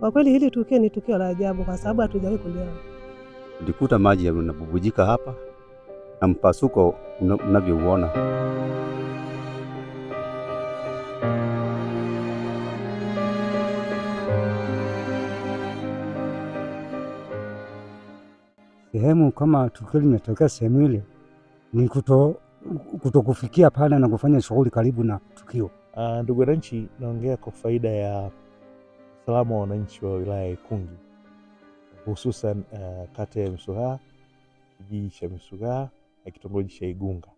Kwa kweli hili tukio ni tukio la ajabu kwa sababu hatujawahi kuliona. Ulikuta maji yanabubujika hapa na mpasuko unavyouona. sehemu kama tukio limetokea sehemu ile ni kuto, kuto kufikia pale na kufanya shughuli karibu na tukio. Uh, ndugu wananchi, naongea kwa faida ya usalama wa wananchi wa wilaya ya Ikungi hususan uh, kata ya Msuhaa, kijiji cha Msuhaa na kitongoji cha Igunga.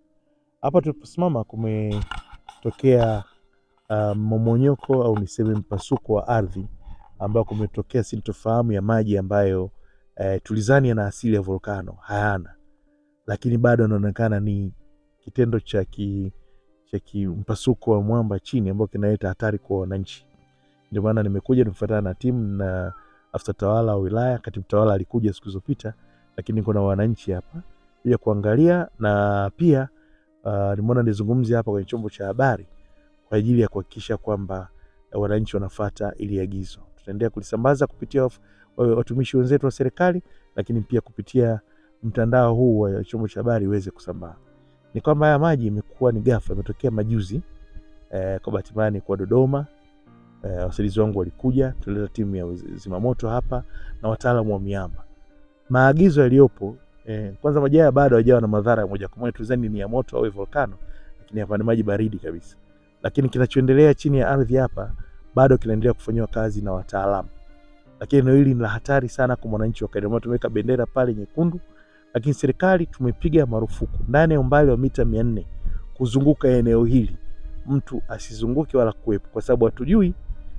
Hapa tuliposimama kumetokea uh, ah, momonyoko au niseme mpasuko wa ardhi ambao kumetokea sintofahamu ya maji ambayo eh, Tulizani yana asili ya volkano hayana, lakini bado anaonekana ni kitendo cha ki cha kimpasuko wa mwamba chini ambao kinaleta hatari kwa wananchi. Ndio maana nimekuja nimefuatana na timu na afisa tawala wa wilaya, katibu tawala alikuja siku zilizopita, lakini kuna wananchi hapa kuja kuangalia na pia uh, nimeona nizungumzie hapa kwenye chombo cha habari kwa ajili ya kuhakikisha kwamba wananchi wanafata ili agizo. Tutaendelea kulisambaza kupitia watumishi wenzetu wa serikali, lakini pia kupitia mtandao huu wa chombo cha habari iweze kusambaa. Ni kwamba haya maji imekuwa ni ghafla, imetokea majuzi eh, kwa bahati mbaya kwa Dodoma. Eh, wasaidizi wangu walikuja, tulileta timu ya zimamoto hapa na wataalamu wa miamba. Maagizo yaliyopo eh, kwanza maji haya bado hayajawa na madhara moja kwa moja, tuzani ni ya moto au volkano, lakini hapa ni maji baridi kabisa. Lakini kinachoendelea chini ya ardhi hapa bado kinaendelea kufanyiwa kazi na wataalamu lakini eneo hili ni la hatari sana kwa mwananchi wa kawaida. Tumeweka bendera pale nyekundu, lakini serikali tumepiga marufuku ndani ya umbali wa mita mia nne kuzunguka eneo hili, mtu asizunguke wala kuwepo, kwa sababu hatujui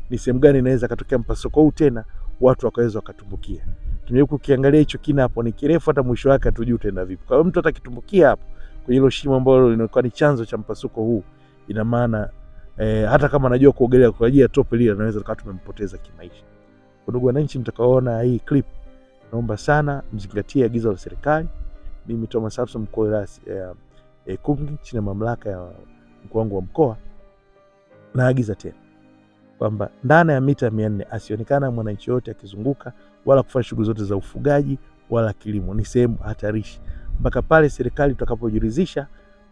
ni sehemu gani inaweza katokea mpasuko huu tena, watu wakaweza wakatumbukia. Tunajaribu ukiangalia hicho kina hapo ni kirefu, hata mwisho wake hatujui utaenda vipi. Kwa hiyo mtu atakitumbukia hapo kwenye hilo shimo ambalo linakuwa ni chanzo cha mpasuko huu, ina maana eh, hata kama anajua kuogelea kwa ajili ya tope lile, anaweza tukawa tumempoteza kimaisha. Kwa Ndugu wananchi mtakaoona hii clip, naomba sana mzingatie agizo la serikali. Mimi Thomas Samson, mkuu wa wilaya ya eh, Ikungi chini ya mamlaka ya mkuu wangu wa mkoa, naagiza tena kwamba ndani ya mita mia nne asionekana mwananchi yote akizunguka wala kufanya shughuli zote za ufugaji wala kilimo. Ni sehemu hatarishi mpaka pale serikali tutakapojiridhisha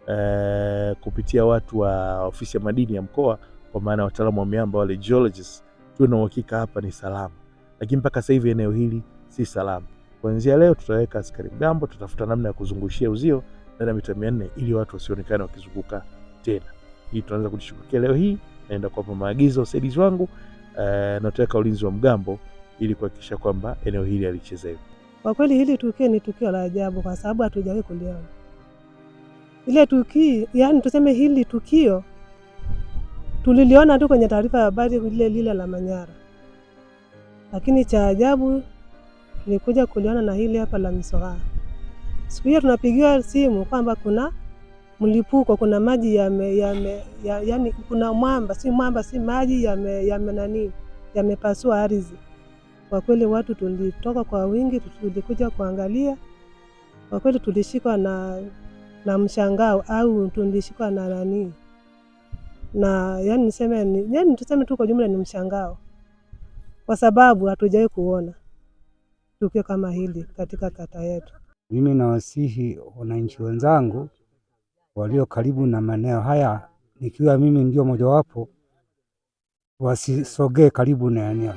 eh, kupitia watu wa ofisi ya madini ya mkoa, kwa maana wataalamu wa miamba wale geologists, tuwe na uhakika hapa ni salama lakini mpaka sasa hivi eneo hili si salama. Kuanzia leo tutaweka askari mgambo, tutafuta namna ya kuzungushia uzio ndani ya mita mia nne ili watu wasionekane wakizunguka tena. Hii tunaanza kulishughulikia leo hii, naenda kuwapa maagizo wasaidizi wangu uh, na tutaweka ulinzi wa mgambo ili kuhakikisha kwamba eneo hili halichezewi. Kwa kweli hili tukio ni tukio la ajabu kwa sababu hatujawahi kuliona ile tukio, yani tuseme hili tukio tuliliona tu kwenye taarifa ya habari lile lile la Manyara. Lakini cha ajabu nilikuja kuliona na hili hapa la misoa Siku hiyo tunapigiwa simu kwamba kuna mlipuko, kuna maji yame, yame, ya, yani kuna mwamba, si mwamba, si maji yame, yame nani yamepasua ardhi. Kwa kweli watu tulitoka kwa wingi, tulikuja kuangalia. Kwa kweli tulishikwa na na mshangao au tulishikwa na nani na yani niseme, yani tuseme tu kwa jumla ni mshangao kwa sababu hatujawahi kuona tukio kama hili katika kata yetu. Mimi nawasihi wananchi wenzangu walio karibu na maeneo haya, nikiwa mimi ndio mojawapo, wasisogee karibu na eneo